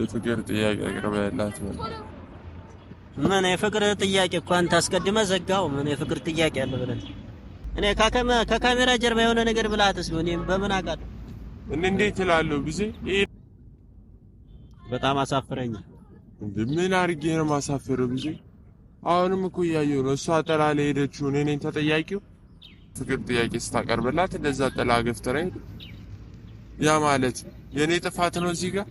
የፍቅር ጥያቄ አቅርበህላት ምን የፍቅር ጥያቄ እኮ አንተ አስቀድመህ ዘጋው። ምን የፍቅር ጥያቄ አለ ብለህ እኔ ከካሜራ ጀርባ የሆነ ነገር ብላትስ ነው። በምን አውቃለሁ? እንዴት እላለሁ? ጊዜ በጣም አሳፍረኝ። ምን አድርጌ ነው የማሳፍረው? ጊዜ አሁንም እኮ እያየሁ ነው። እሷ ጥላ ላይ ሄደችው። እኔ ነኝ ተጠያቂው። ፍቅር ጥያቄ ስታቀርብላት እንደዛ ጥላ ገፍትራ ያ ማለት የእኔ ጥፋት ነው እዚህ ጋር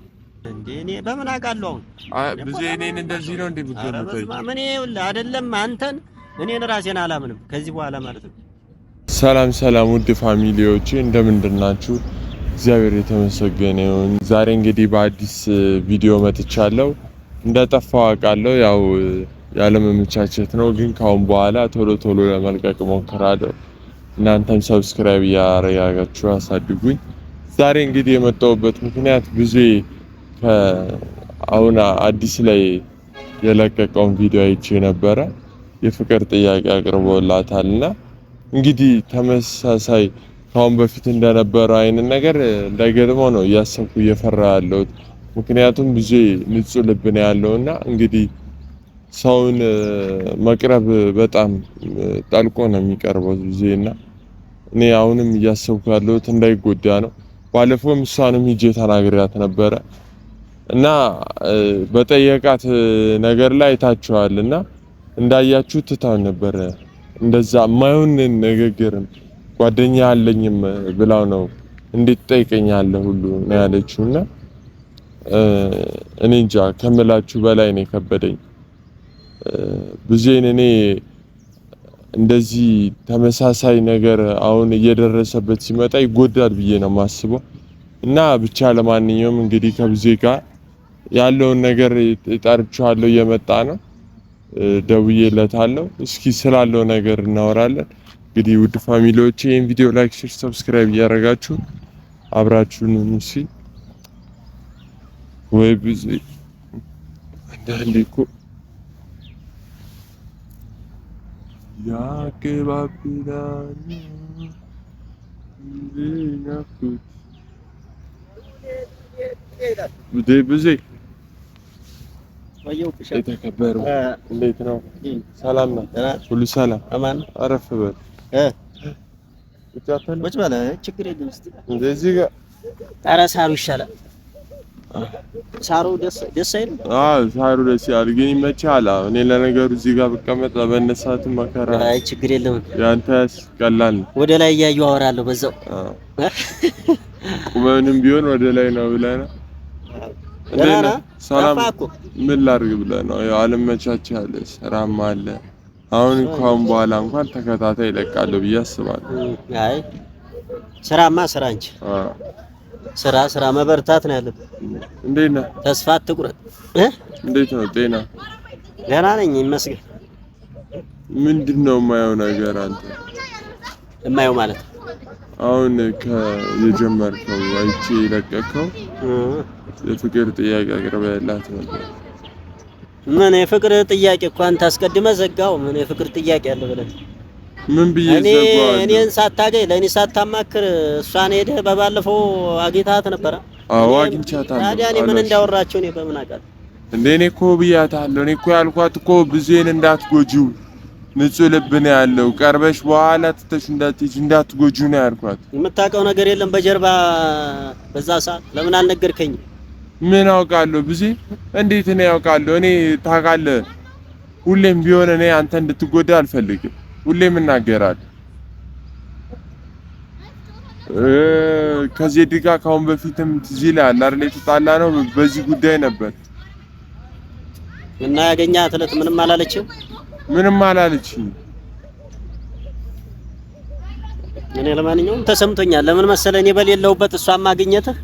እንዴ በምን አውቃለሁ? አሁን ብዙ እኔን እንደዚህ ነው እንዴ የምትገምተኝ? ምን አይደለም አንተን እኔን ራሴን አላምንም ከዚህ በኋላ ማለት ነው። ሰላም ሰላም፣ ውድ ፋሚሊዎቼ ናችሁ እግዚአብሔር የተመሰገነ ይሁን። ዛሬ እንግዲህ በአዲስ ቪዲዮ መጥቻለሁ። እንደጠፋው አውቃለሁ፣ ያው ያለመመቻቸት ነው። ግን ካሁን በኋላ ቶሎ ቶሎ ለመልቀቅ ሞክራለሁ እናንተም ሰብስክራይብ እያረጋጋችሁ አሳድጉኝ። ዛሬ እንግዲህ የመጣሁበት ምክንያት ብዙ አሁን አዲስ ላይ የለቀቀውን ቪዲዮ አይቼ ነበረ። የፍቅር ጥያቄ አቅርቦላታል እና እንግዲህ ተመሳሳይ ከአሁን በፊት እንደነበረው አይነት ነገር እንዳይገጥመው ነው እያሰብኩ እየፈራ ያለሁት። ምክንያቱም ብዙ ንጹህ ልብ ነው ያለው እና እንግዲህ ሰውን መቅረብ በጣም ጠልቆ ነው የሚቀርበው ብዙ እና እኔ አሁንም እያሰብኩ ያለሁት እንዳይጎዳ ነው። ባለፈውም እሷንም ሂጄ ተናግሪያት ነበረ እና በጠየቃት ነገር ላይ ታችኋል እና እንዳያችሁ ትታ ነበረ። እንደዛ ማይሆን ንግግርም ጓደኛ አለኝም ብላው ነው እንዴት ትጠይቀኛለህ ሁሉ ነው ያለችው። እና እኔ እንጃ ከምላችሁ በላይ ነው የከበደኝ። ብዙዬን እኔ እንደዚህ ተመሳሳይ ነገር አሁን እየደረሰበት ሲመጣ ይጎዳል ብዬ ነው የማስበው። እና ብቻ ለማንኛውም እንግዲህ ከብዙዬ ጋር ያለውን ነገር ጠርቼዋለሁ፣ እየመጣ ነው ደውዬለታለሁ። እስኪ ስላለው ነገር እናወራለን። እንግዲህ ውድ ፋሚሊዎች ይህን ቪዲዮ ላይክ፣ ሼር፣ ሰብስክራይብ እያደረጋችሁ አብራችሁን እሺ። ወይ ብዙ አንዳንዴ እኮ ያገባብላል ብዙ የተከበሩ እንዴት ነው? ሰላም ነው? ሁሉ ሰላም አማን? አረፍ በል እ ቁጭ በል ችግር የለም። እስኪ እንደዚህ ጋር ኧረ ሳሩ ይሻላል። ሳሩ ደስ ደስ አይልም? አዎ ሳሩ ደስ ይላል፣ ግን ይመችሃል። እኔ ለነገሩ እዚህ ጋር ብቀመጥ በነሳት መከራ። አይ ችግር የለም። ያንተስ ቀላል ነው። ወደ ላይ እያየሁ አወራለሁ በዛው። ቁመንም ቢሆን ወደ ላይ ነው ብለህ ነው ሰላም ምን ላድርግ ብለህ ነው? አልመቻችህ አለ፣ ስራም አለ። አሁን እንኳን በኋላ እንኳን ተከታታይ ይለቃለሁ ብዬ አስባለሁ። አይ ስራማ ስራ እንጂ ስራ ስራ መበርታት ነው ያለብህ። እንዴት ነህ? ተስፋ አትቁረጥ። እንዴት ነው ጤና? ደህና ነኝ ይመስገን። ምንድን ነው የማየው ነገር አንተ የማየው ማለት ነው አሁን የጀመርከው አይቼ የለቀከው የፍቅር ጥያቄ አቅርበህላት ነበር። ምን የፍቅር ጥያቄ እኮ አንተ አስቀድመህ ዘጋው። ምን የፍቅር ጥያቄ አለ ብለህ ምን ብዬ ዘጋው? እኔን ሳታገኝ ለእኔ ሳታማክር እሷን ሄደህ በባለፈው አግኝታት ነበረ። አዎ አግኝቻታለሁ። ታዲያ እኔ ምን እንዳወራቸው እኔ በምን አውቃለሁ እንደ እኔ እኮ ብያታለሁ። እኔ እኮ ያልኳት እኮ ብዙዬን እንዳትጎጂው ንጹህ ልብ ነው ያለው። ቀርበሽ በኋላ ትተሽ እንዳትሄጂ እንዳትጎጂ ነው ያልኳት። የምታውቀው ነገር የለም በጀርባ በዛ ሰዓት ለምን አልነገርከኝ? ምን አውቃለሁ ብዜ እንዴት ነው ያውቃለሁ? እኔ ታውቃለህ፣ ሁሌም ቢሆን እኔ አንተ እንድትጎዳ አልፈልግም። ሁሌም እናገራለሁ። ከዜድ ጋር ካሁን በፊትም ትዝ ይልሃል የተጣላ ነው በዚህ ጉዳይ ነበር እና ያገኛት ዕለት ምንም አላለችም ምንም አላለችኝ። እኔ ለማንኛውም ተሰምቶኛል። ለምን መሰለ እኔ በሌለውበት እሷ ማግኘትህ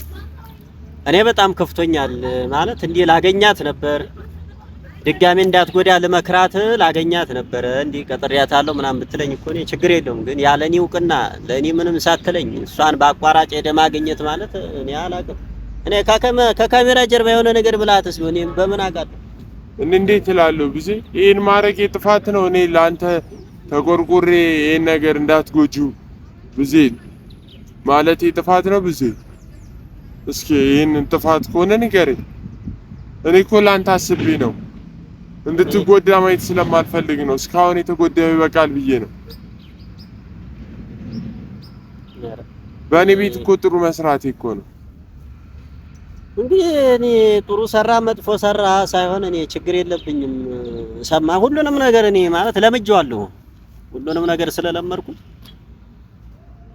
እኔ በጣም ከፍቶኛል። ማለት እንዲህ ላገኛት ነበር ድጋሜ እንዳትጎዳ ልመክራት ላገኛት ነበረ። እንዲህ ቀጥሬያታለሁ ምናምን ብትለኝ እኮ እኔ ችግር የለውም ግን ያለ እኔ እውቅና ለእኔ ምንም ሳትለኝ እሷን በአቋራጭ ሄደ ማግኘት ማለት እኔ አላውቅም። እኔ ከካሜራ ጀርባ የሆነ ነገር ብላትስ ቢሆን በምን አውቃለሁ? እንዴት እላለሁ ብዜ ይህን ማድረግ የጥፋት ነው። እኔ ለአንተ ተቆርቁሬ ይህን ነገር እንዳትጎጁ ብዜ ማለት የጥፋት ነው ብዜ እስኪ ይህንን ጥፋት ከሆነ ንገረኝ። እኔ እኮ ለአንተ አስቤ ነው እንድትጎዳ ማየት ስለማልፈልግ ነው። እስካሁን የተጎዳው ይበቃል ብዬ ነው። በእኔ ቤት እኮ ጥሩ መስራቴ እኮ ነው። እንግዲህ እኔ ጥሩ ሰራ መጥፎ ሰራ ሳይሆን እኔ ችግር የለብኝም። ሰማ ሁሉንም ነገር እኔ ማለት ለምጄዋለሁ። ሁሉንም ነገር ስለለመድኩ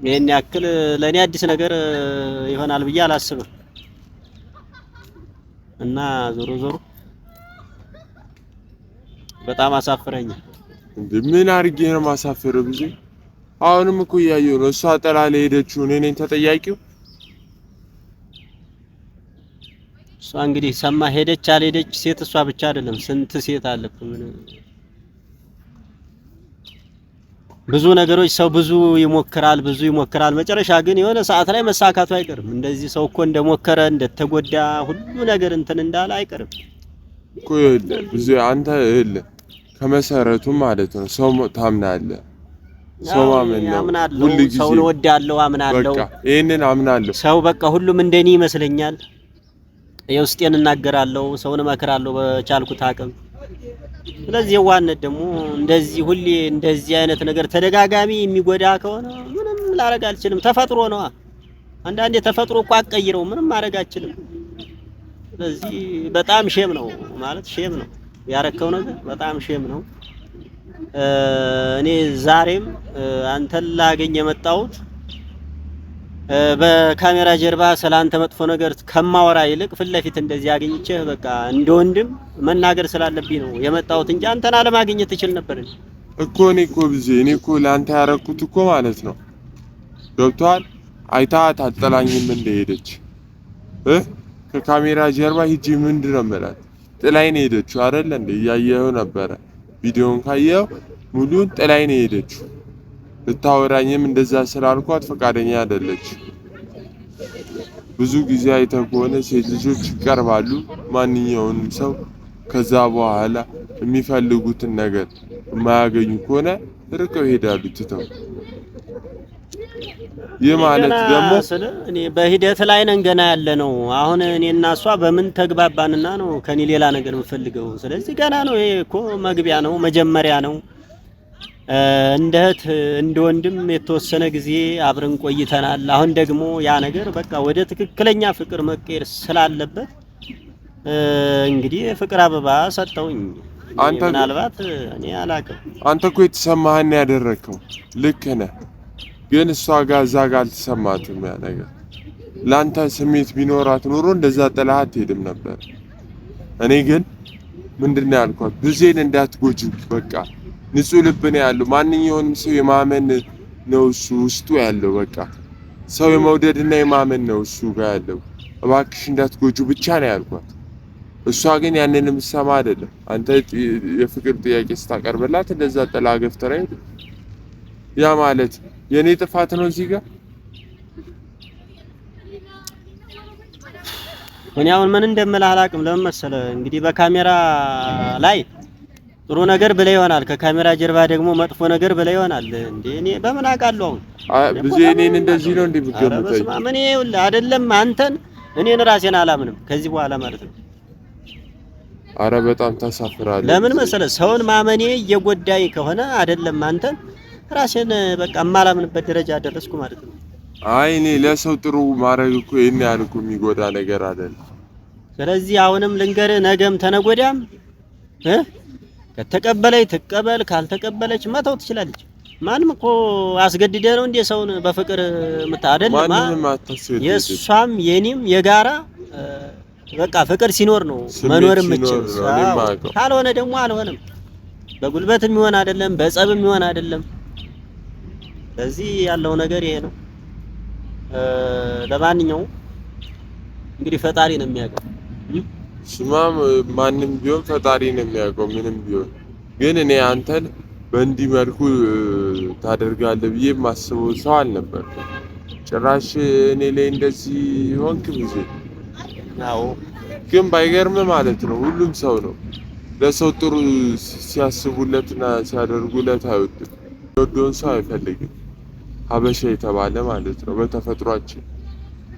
ይሄን ያክል ለእኔ አዲስ ነገር ይሆናል ብዬ አላስብም። እና ዞሮ ዞሮ በጣም አሳፍረኛል። እንዴ ምን አድርጌ ነው የማሳፍረው? ብዙ አሁንም እኮ እያየሁ ነው። እሷ ጥላ ላይ እኔ ነኝ ተጠያቂው። እሷ እንግዲህ ሰማ ሄደች አልሄደች ሴት እሷ ብቻ አይደለም፣ ስንት ሴት አለ። ብዙ ነገሮች ሰው ብዙ ይሞክራል፣ ብዙ ይሞክራል። መጨረሻ ግን የሆነ ሰዓት ላይ መሳካቱ አይቀርም። እንደዚህ ሰው እኮ እንደሞከረ እንደተጎዳ ሁሉ ነገር እንትን እንዳለ አይቀርም። ብዙ አንተ እህል ከመሰረቱ ማለት ነው ሰው ታምናለህ። ሰው ማመን ነው። ሁሉ ሰው እወዳለሁ፣ አምናለሁ። ይሄንን አምናለሁ። ሰው በቃ ሁሉም እንደኔ ይመስለኛል የውስጤን እናገራለሁ፣ ሰውን እመክራለሁ በቻልኩት አቅም። ስለዚህ የዋህነት ደግሞ እንደዚህ ሁሌ እንደዚህ አይነት ነገር ተደጋጋሚ የሚጎዳ ከሆነ ምንም ላረግ አልችልም። ተፈጥሮ ነዋ። አንዳንዴ ተፈጥሮ እኮ አቀይረው ምንም ማድረግ አልችልም። ስለዚህ በጣም ሼም ነው ማለት ሼም ነው ያረከው ነገር በጣም ሼም ነው። እኔ ዛሬም አንተን ላገኝ የመጣሁት በካሜራ ጀርባ ስላንተ መጥፎ ነገር ከማወራ ይልቅ ፊት ለፊት እንደዚህ አግኝቼህ በቃ እንደ ወንድም መናገር ስላለብኝ ነው የመጣሁት እንጂ አንተን አለማግኘት ትችል ነበር እኮ። እኔ እኮ ብዜ እኔ እኮ ለአንተ ያረኩት እኮ ማለት ነው ገብቶሃል። አይታ ታጠላኝም እንደሄደች እ ከካሜራ ጀርባ ሂጂ ምንድን ነው የምላት? ጥላይን ሄደችው አይደል እንዴ? እያየኸው ነበረ ቪዲዮን ካየኸው ሙሉን ጥላይን ሄደችው ልታወራኝም እንደዛ ስላልኳት ፈቃደኛ አይደለች። ብዙ ጊዜ አይተህ ከሆነ ሴት ልጆች ይቀርባሉ ማንኛውንም ሰው ከዛ በኋላ የሚፈልጉትን ነገር የማያገኙ ከሆነ ርቀው ይሄዳሉ ትተው። ይህ ማለት ደግሞ እኔ በሂደት ላይ ነን ገና ያለ ነው። አሁን እኔ እና እሷ በምን ተግባባንና ነው ከኔ ሌላ ነገር የምፈልገው? ስለዚህ ገና ነው። ይሄ እኮ መግቢያ ነው፣ መጀመሪያ ነው። እንደ እህት እንደ ወንድም የተወሰነ ጊዜ አብረን ቆይተናል። አሁን ደግሞ ያ ነገር በቃ ወደ ትክክለኛ ፍቅር መቀየር ስላለበት እንግዲህ ፍቅር አበባ ሰጠውኝ። አንተ ምናልባት እኔ አላውቅም። አንተ እኮ የተሰማህን ያደረግከው ልክ ነህ፣ ግን እሷ ጋር እዛ ጋር አልተሰማትም። ያ ነገር ለአንተ ስሜት ቢኖራት ኑሮ እንደዛ ጥላህ አትሄድም ነበር። እኔ ግን ምንድን ነው ያልኳት ብዜን እንዳትጎጂ በቃ ንጹህ ልብ ነው ያለው። ማንኛውንም ሰው የማመን ነው እሱ ውስጡ ያለው። በቃ ሰው የመውደድና የማመን ነው እሱ ጋር ያለው። እባክሽ እንዳትጎጁ ብቻ ነው ያልኳት። እሷ ግን ያንንም ሰማ አይደለም። አንተ የፍቅር ጥያቄ ስታቀርብላት እንደዛ ጥላ ገፍትራ ሄደ። ያ ማለት የእኔ ጥፋት ነው እዚህ ጋር እኔ አሁን ምን እንደምልህ አላውቅም። ለምን መሰለህ እንግዲህ በካሜራ ላይ ጥሩ ነገር ብለ ይሆናል። ከካሜራ ጀርባ ደግሞ መጥፎ ነገር ብለ ይሆናል። እንዴ እኔ በምን አውቃለሁ? አሁን ብዙ እኔን እንደዚህ ነው እንዴ ብገምተኝ? ምን ይኸውልህ፣ አይደለም አንተን እኔን ራሴን አላምንም ከዚህ በኋላ ማለት ነው። አረ በጣም ታሳፍራለህ። ለምን መሰለ ሰውን ማመኔ እየጎዳኝ ከሆነ አይደለም አንተን ራሴን በቃ የማላምንበት ደረጃ ደረስኩ ማለት ነው። አይ እኔ ለሰው ጥሩ ማድረግ እኮ ይሄን ያህል እኮ የሚጎዳ ነገር አይደለም። ስለዚህ አሁንም ልንገርህ ነገም ተነጎዳም እ ከተቀበለች ትቀበል፣ ካልተቀበለች መተው ትችላለች። ማንም እኮ አስገድደ ነው እንዴ ሰውን በፍቅር የምታደልማ? የእሷም የኔም የጋራ በቃ ፍቅር ሲኖር ነው መኖር የምችል። ካልሆነ ደግሞ አልሆነም። በጉልበትም ይሆን አይደለም፣ በጸብም የሚሆን አይደለም። በዚህ ያለው ነገር ይሄ ነው። ለማንኛውም እንግዲህ ፈጣሪ ነው የሚያውቀው። ስማም፣ ማንም ቢሆን ፈጣሪ ነው የሚያውቀው። ምንም ቢሆን ግን እኔ አንተን በእንዲህ መልኩ ታደርጋለህ ብዬ የማስበው ሰው አልነበር። ጭራሽ እኔ ላይ እንደዚህ ሆንክ ጊዜ ግን ባይገርም ማለት ነው ሁሉም ሰው ነው ለሰው ጥሩ ሲያስቡለትና ሲያደርጉለት አይወድም። የወደውን ሰው አይፈልግም። ሀበሻ የተባለ ማለት ነው በተፈጥሯችን።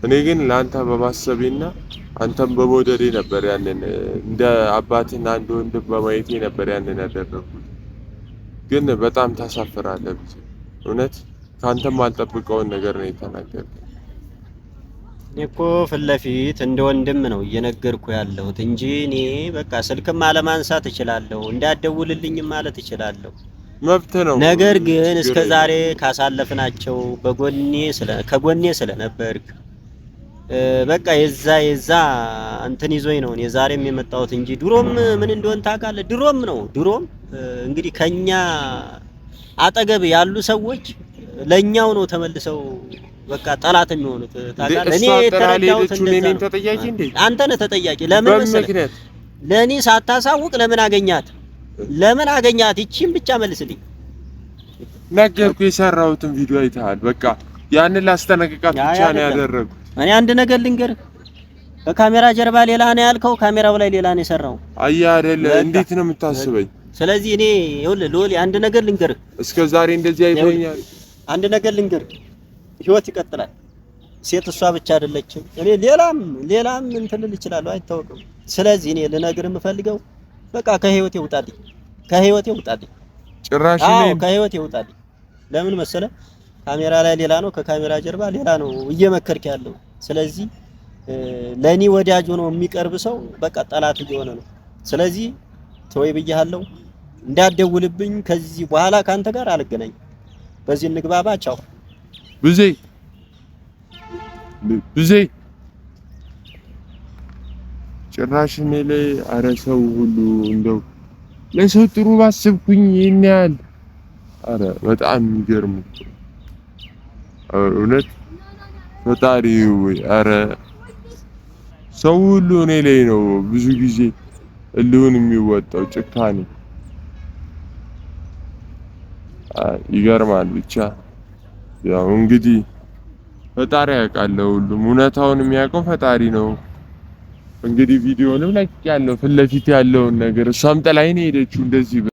እኔ ግን ለአንተ በማሰቤና አንተም በመውደዴ ነበር ያንን እንደ አባትና እንደ ወንድም በማየቴ ነበር ያንን ያደረግኩት። ግን በጣም ታሳፍራለህ ብቻ እውነት ከአንተም አልጠብቀውን ነገር ነው የተናገርከው። እኔ እኮ ፊት ለፊት እንደ ወንድም ነው እየነገርኩ ያለሁት እንጂ እኔ በቃ ስልክም አለማንሳት እችላለሁ፣ እንዳደውልልኝም ማለት እችላለሁ። መብት ነው። ነገር ግን እስከ ዛሬ ካሳለፍናቸው በጎኔ ከጎኔ ስለነበርክ በቃ የዛ የዛ እንትን ይዞኝ ነው እኔ የዛሬም የመጣሁት እንጂ ድሮም ምን እንደሆን ታውቃለህ? ድሮም ነው ድሮም እንግዲህ ከኛ አጠገብ ያሉ ሰዎች ለኛው ነው ተመልሰው በቃ ጠላት የሚሆኑት ታውቃለህ። እኔ የተረዳሁት አንተ ነህ ተጠያቂ። ለምን መሰለህ? ለእኔ ሳታሳውቅ ለምን አገኛት? ለምን አገኛት? ይቺን ብቻ መልስልኝ። ነገርኩህ። የሰራሁትን ቪዲዮ አይተሃል። በቃ ያንን ላስጠነቅቃት ብቻ ነው ያደረጉት። እኔ አንድ ነገር ልንገር፣ በካሜራ ጀርባ ሌላ ነው ያልከው፣ ካሜራው ላይ ሌላ ነው የሰራው። አየህ አይደለ? እንዴት ነው የምታስበኝ? ስለዚህ እኔ ይኸውልህ፣ ሎሊ አንድ ነገር ልንገር፣ እስከ ዛሬ እንደዚህ አይቶኛል። አንድ ነገር ልንገር፣ ህይወት ይቀጥላል። ሴት እሷ ብቻ አይደለችም። እኔ ሌላም ሌላም እንትን ልል እችላለሁ፣ አይታወቅም። ስለዚህ እኔ ልነግርህ የምፈልገው በቃ ከህይወቴ ውጣልኝ፣ ከህይወቴ ውጣልኝ፣ ጭራሽ ከህይወቴ ውጣልኝ። ለምን መሰለህ ካሜራ ላይ ሌላ ነው፣ ከካሜራ ጀርባ ሌላ ነው እየመከርክ ያለው። ስለዚህ ለኔ ወዳጅ ሆኖ የሚቀርብ ሰው በቃ ጠላት እየሆነ ነው። ስለዚህ ተወይ ብያለሁ፣ እንዳደውልብኝ ከዚህ በኋላ ካንተ ጋር አልገናኝ። በዚህ እንግባባ። ቻው ብዜ ብዜ ጭራሽ እኔ ላይ ኧረ ሰው ሁሉ እንደው ለሰው ጥሩ ባስብኩኝ ይሄን ያህል ኧረ በጣም የሚገርም እውነት ፈጣሪ ወይ አረ ሰው ሁሉ እኔ ላይ ነው ብዙ ጊዜ እልውን የሚወጣው ጭካኔ ይገርማል። ብቻ ያው እንግዲህ ፈጣሪ ያውቃል፣ ሁሉም እውነታውን የሚያውቀው ፈጣሪ ነው። እንግዲህ ቪዲዮንም ላይ ያለው ፊት ለፊት ያለውን ነገር እሷም ጥላኝ ነው እንደዚህ